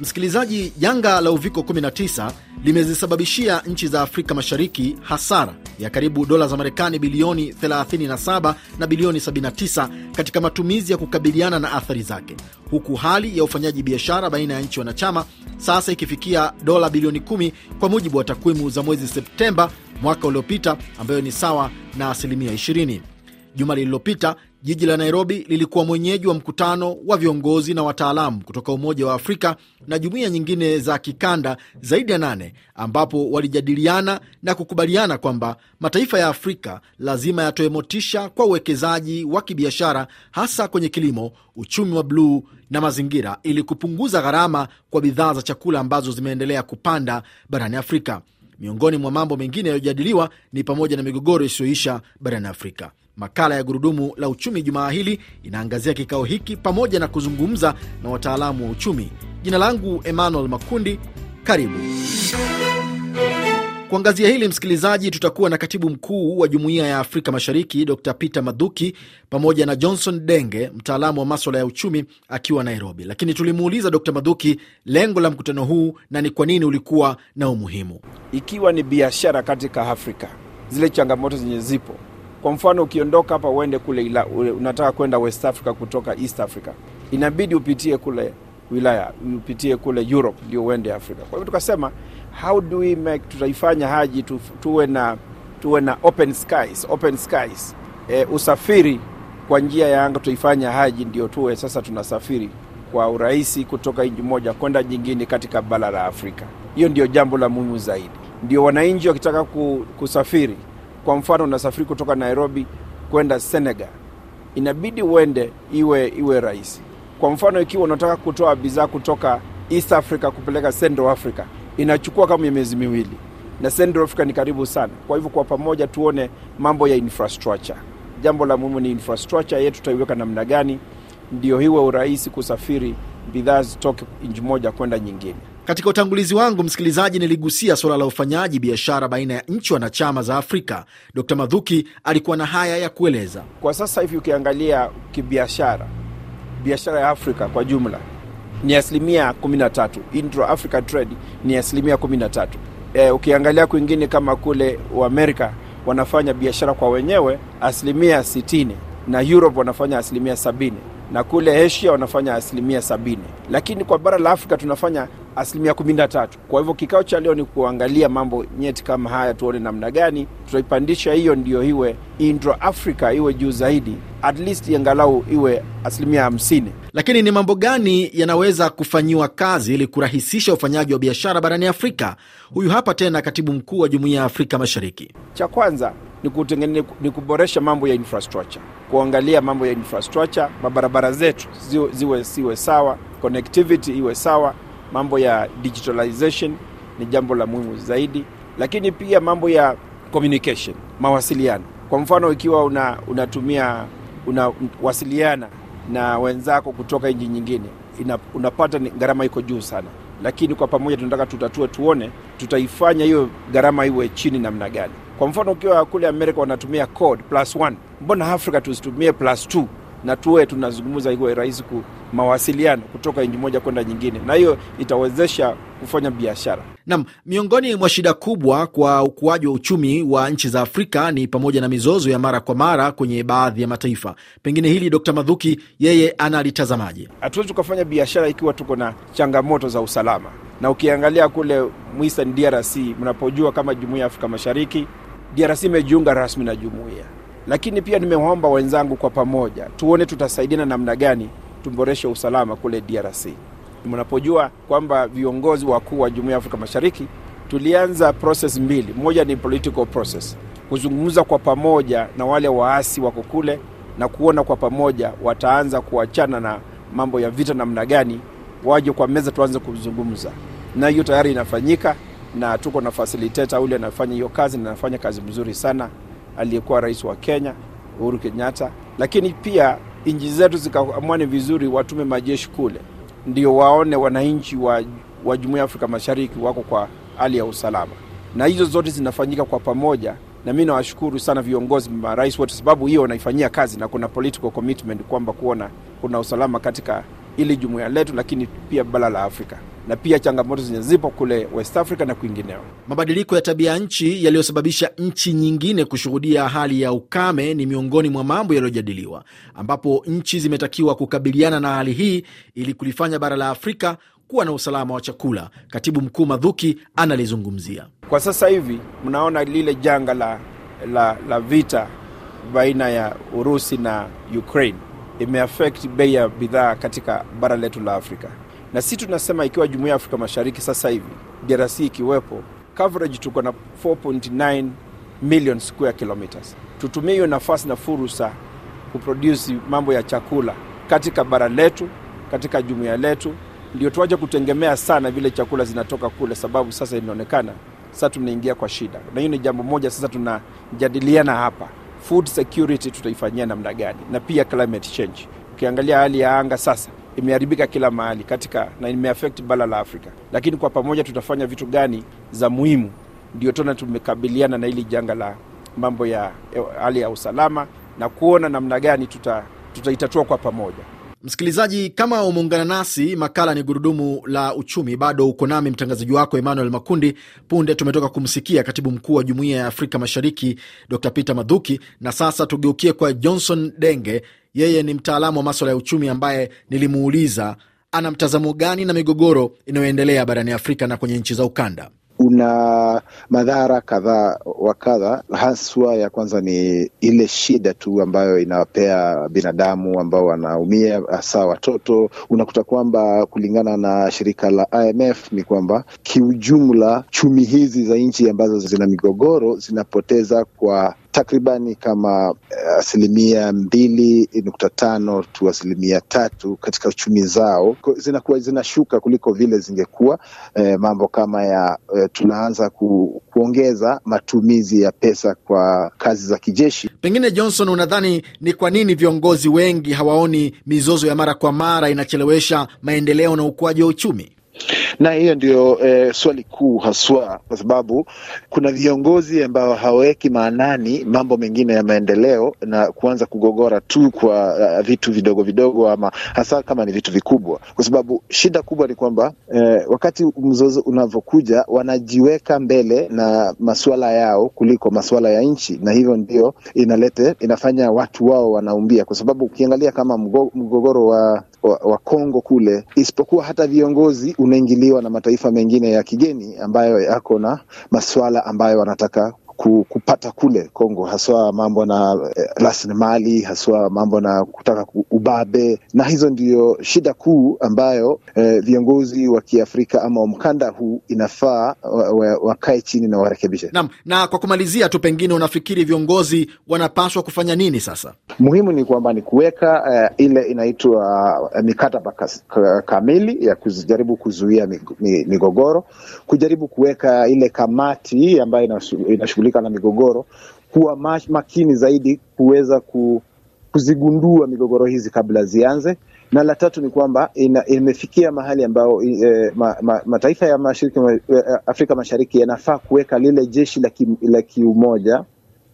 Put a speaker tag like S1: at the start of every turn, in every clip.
S1: Msikilizaji, janga la uviko 19 limezisababishia nchi za Afrika Mashariki hasara ya karibu dola za Marekani bilioni 37 na bilioni 79 katika matumizi ya kukabiliana na athari zake, huku hali ya ufanyaji biashara baina ya nchi wanachama sasa ikifikia dola bilioni 10 kwa mujibu wa takwimu za mwezi Septemba mwaka uliopita, ambayo ni sawa na asilimia 20. Juma lililopita Jiji la Nairobi lilikuwa mwenyeji wa mkutano wa viongozi na wataalamu kutoka Umoja wa Afrika na jumuiya nyingine za kikanda zaidi ya nane, ambapo walijadiliana na kukubaliana kwamba mataifa ya Afrika lazima yatoe motisha kwa uwekezaji wa kibiashara, hasa kwenye kilimo, uchumi wa bluu na mazingira, ili kupunguza gharama kwa bidhaa za chakula ambazo zimeendelea kupanda barani Afrika. Miongoni mwa mambo mengine yaliyojadiliwa ni pamoja na migogoro isiyoisha barani Afrika. Makala ya Gurudumu la Uchumi jumaa hili inaangazia kikao hiki pamoja na kuzungumza na wataalamu wa uchumi. Jina langu Emmanuel Makundi, karibu kuangazia hili msikilizaji. Tutakuwa na katibu mkuu wa Jumuiya ya Afrika Mashariki Dr Peter Madhuki pamoja na Johnson Denge, mtaalamu wa maswala ya uchumi akiwa Nairobi. Lakini tulimuuliza Dr Madhuki lengo la mkutano huu na ni kwa nini ulikuwa na umuhimu. Ikiwa ni biashara katika Afrika, zile changamoto
S2: zenye zipo kwa mfano ukiondoka hapa uende kule ila, unataka kwenda West Africa kutoka East Africa, inabidi upitie kule wilaya upitie kule Europe ndio uende Africa. Kwa hivyo tukasema how do we make, tutaifanya haji tu, tuwe na tuwe na open skies, open skies. E, usafiri kwa njia ya anga tutaifanya haji ndio tuwe sasa tunasafiri kwa urahisi kutoka nchi moja kwenda nyingine katika bara la Afrika. Hiyo ndio jambo la muhimu zaidi, ndio wananchi wakitaka kusafiri kwa mfano, unasafiri kutoka Nairobi kwenda Senegal, inabidi uende iwe, iwe rahisi. Kwa mfano, ikiwa unataka kutoa bidhaa kutoka East Africa kupeleka Central Africa inachukua kama miezi miwili, na Central Africa ni karibu sana. Kwa hivyo kwa pamoja tuone mambo ya infrastructure. Jambo la muhimu ni infrastructure yetu tutaiweka namna gani
S1: ndio hiwe urahisi kusafiri bidhaa zitoke nchi moja kwenda nyingine. Katika utangulizi wangu, msikilizaji, niligusia suala la ufanyaji biashara baina ya nchi wanachama za Afrika. d Madhuki alikuwa na haya ya kueleza.
S2: Kwa sasa hivi ukiangalia kibiashara, biashara ya Afrika kwa jumla ni asilimia 13, intra africa trade ni asilimia 13. E, ukiangalia kwingine kama kule Uamerika wanafanya biashara kwa wenyewe asilimia 60, na Europe wanafanya asilimia 70 na kule Asia wanafanya asilimia sabini, lakini kwa bara la Afrika tunafanya asilimia kumi na tatu. Kwa hivyo kikao cha leo ni kuangalia mambo nyeti kama haya, tuone namna gani tutaipandisha hiyo
S1: ndio iwe intra Africa iwe juu zaidi, at least angalau iwe asilimia hamsini. Lakini ni mambo gani yanaweza kufanyiwa kazi ili kurahisisha ufanyaji wa biashara barani Afrika? Huyu hapa tena katibu mkuu wa Jumuiya ya Afrika Mashariki. Cha kwanza ni,
S2: kutengene, ni kuboresha mambo ya infrastructure, kuangalia mambo ya infrastructure, mabarabara zetu ziwe, ziwe, sawa, connectivity iwe sawa mambo ya digitalization ni jambo la muhimu zaidi, lakini pia mambo ya communication, mawasiliano. Kwa mfano ikiwa una, unatumia unawasiliana na wenzako kutoka nchi nyingine ina, unapata gharama iko juu sana, lakini kwa pamoja tunataka tutatue, tuone tutaifanya hiyo gharama iwe chini namna gani. Kwa mfano ukiwa kule Amerika wanatumia code plus one, mbona Afrika tusitumie plus two? na tuwe tunazungumza, iwe rahisi ku mawasiliano kutoka nchi moja kwenda nyingine, na hiyo itawezesha kufanya biashara.
S1: Naam, miongoni mwa shida kubwa kwa ukuaji wa uchumi wa nchi za Afrika ni pamoja na mizozo ya mara kwa mara kwenye baadhi ya mataifa. Pengine hili d Madhuki yeye analitazamaje?
S2: Hatuwezi tukafanya biashara ikiwa tuko na changamoto za usalama, na ukiangalia kule Eastern DRC mnapojua kama Jumuiya ya Afrika Mashariki, DRC imejiunga rasmi na jumuiya lakini pia nimewaomba wenzangu kwa pamoja tuone tutasaidiana namna gani tuboreshe usalama kule DRC. Mnapojua kwamba viongozi wakuu wa Jumuiya ya Afrika Mashariki tulianza process mbili, moja ni political process, kuzungumza kwa pamoja na wale waasi wako kule na kuona kwa pamoja wataanza kuachana na mambo ya vita namna gani, waje kwa meza tuanze kuzungumza, na hiyo tayari inafanyika na tuko na facilitator ule anafanya hiyo kazi na anafanya kazi mzuri sana aliyekuwa rais wa Kenya Uhuru Kenyatta, lakini pia nchi zetu zikaamua ni vizuri watume majeshi kule, ndio waone wananchi wa, wa jumuiya ya Afrika Mashariki wako kwa hali ya usalama, na hizo zote zinafanyika kwa pamoja na mi nawashukuru sana viongozi marais wetu, sababu hiyo wanaifanyia kazi na kuna political commitment kwamba kuona kuna usalama katika ili jumuiya letu, lakini pia bara la Afrika na pia changamoto zenye zipo kule
S1: West Africa na kwingineo. Mabadiliko ya tabia nchi yaliyosababisha nchi nyingine kushuhudia hali ya ukame ni miongoni mwa mambo yaliyojadiliwa, ambapo nchi zimetakiwa kukabiliana na hali hii ili kulifanya bara la Afrika kuwa na usalama wa chakula. Katibu mkuu Madhuki analizungumzia
S2: kwa sasa hivi. Mnaona lile janga la, la, la vita baina ya Urusi na Ukraine imeaffect bei ya bidhaa katika bara letu la Afrika. Na si tunasema ikiwa jumuiya ya Afrika Mashariki sasa hivi DRC ikiwepo coverage, tuko na 4.9 million square kilometers. Tutumie hiyo nafasi na fursa kuproduce mambo ya chakula katika bara letu, katika jumuiya letu, ndio tuwaje kutegemea sana vile chakula zinatoka kule, sababu sasa inaonekana sasa tunaingia kwa shida, na hiyo ni jambo moja sasa tunajadiliana hapa food security tutaifanyia namna gani, na pia climate change. Ukiangalia hali ya anga sasa imeharibika kila mahali katika na imeaffect bara la Afrika, lakini kwa pamoja tutafanya vitu gani za muhimu ndio tona tumekabiliana na hili janga la mambo ya
S1: hali ya usalama na kuona namna gani tuta tutaitatua kwa pamoja. Msikilizaji, kama umeungana nasi, makala ni gurudumu la uchumi. Bado uko nami mtangazaji wako Emmanuel Makundi. Punde tumetoka kumsikia katibu mkuu wa jumuiya ya Afrika Mashariki Dr Peter Madhuki, na sasa tugeukie kwa Johnson Denge. Yeye ni mtaalamu wa maswala ya uchumi ambaye nilimuuliza ana mtazamo gani na migogoro inayoendelea barani Afrika na kwenye nchi za ukanda
S3: una madhara kadhaa wa kadha. Haswa ya kwanza ni ile shida tu ambayo inawapea binadamu ambao wanaumia, hasa watoto. Unakuta kwamba kulingana na shirika la IMF ni kwamba kiujumla, chumi hizi za nchi ambazo zina migogoro zinapoteza kwa takribani kama eh, asilimia mbili nukta tano tu asilimia tatu katika uchumi zao zinakuwa zinashuka kuliko vile zingekuwa. E, mambo kama ya e, tunaanza ku, kuongeza matumizi ya pesa kwa kazi za kijeshi.
S1: Pengine Johnson, unadhani ni kwa nini viongozi wengi hawaoni mizozo ya mara kwa mara inachelewesha maendeleo na ukuaji wa uchumi?
S3: Na hiyo ndio e, swali kuu haswa, kwa sababu kuna viongozi ambao hawaweki maanani mambo mengine ya maendeleo na kuanza kugogora tu kwa uh, vitu vidogo vidogo, ama hasa kama ni vitu vikubwa, kwa sababu shida kubwa ni kwamba e, wakati mzozo unavyokuja wanajiweka mbele na masuala yao kuliko masuala ya nchi, na hivyo ndio inalete inafanya watu wao wanaumbia, kwa sababu ukiangalia kama mgogoro wa wa, Kongo kule, isipokuwa hata viongozi unaingiliwa na mataifa mengine ya kigeni ambayo yako na masuala ambayo wanataka kupata kule Kongo, haswa mambo na eh, rasilimali, haswa mambo na kutaka ubabe, na hizo ndiyo shida kuu ambayo eh, viongozi wa Kiafrika ama mkanda huu inafaa wakae wa, wa chini na warekebishe.
S1: Naam, na kwa kumalizia tu, pengine unafikiri viongozi wanapaswa kufanya nini sasa?
S3: Muhimu ni kwamba ni kuweka eh, ile inaitwa eh, mikataba kamili ya kujaribu kuzuia migogoro, kujaribu kuweka ile kamati ambayo inashughulikia kushughulika na migogoro kuwa makini zaidi kuweza ku, kuzigundua migogoro hizi kabla zianze, na la tatu ni kwamba imefikia mahali ambayo e, eh, ma, ma, mataifa ya mashiriki, eh, Afrika Mashariki yanafaa kuweka lile jeshi la kiumoja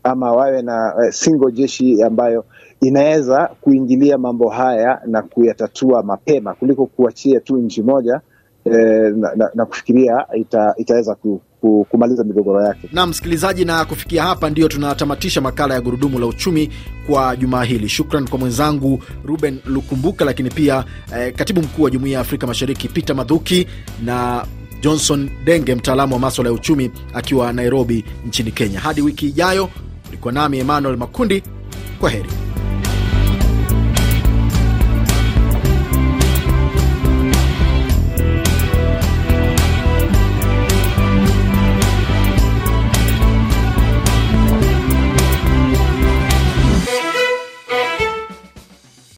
S3: ama wawe na eh, singo jeshi ambayo inaweza kuingilia mambo haya na kuyatatua mapema kuliko kuachia tu nchi moja e, na, na, na kufikiria ita, itaweza ku, kumaliza migogoro yake.
S1: Na msikilizaji, na kufikia hapa ndiyo tunatamatisha makala ya Gurudumu la Uchumi kwa jumaa hili. Shukran kwa mwenzangu Ruben Lukumbuka, lakini pia eh, katibu mkuu wa Jumuiya ya Afrika Mashariki Peter madhuki na Johnson Denge, mtaalamu wa maswala ya uchumi akiwa Nairobi nchini Kenya. Hadi wiki ijayo, ulikuwa nami Emmanuel Makundi. Kwa heri.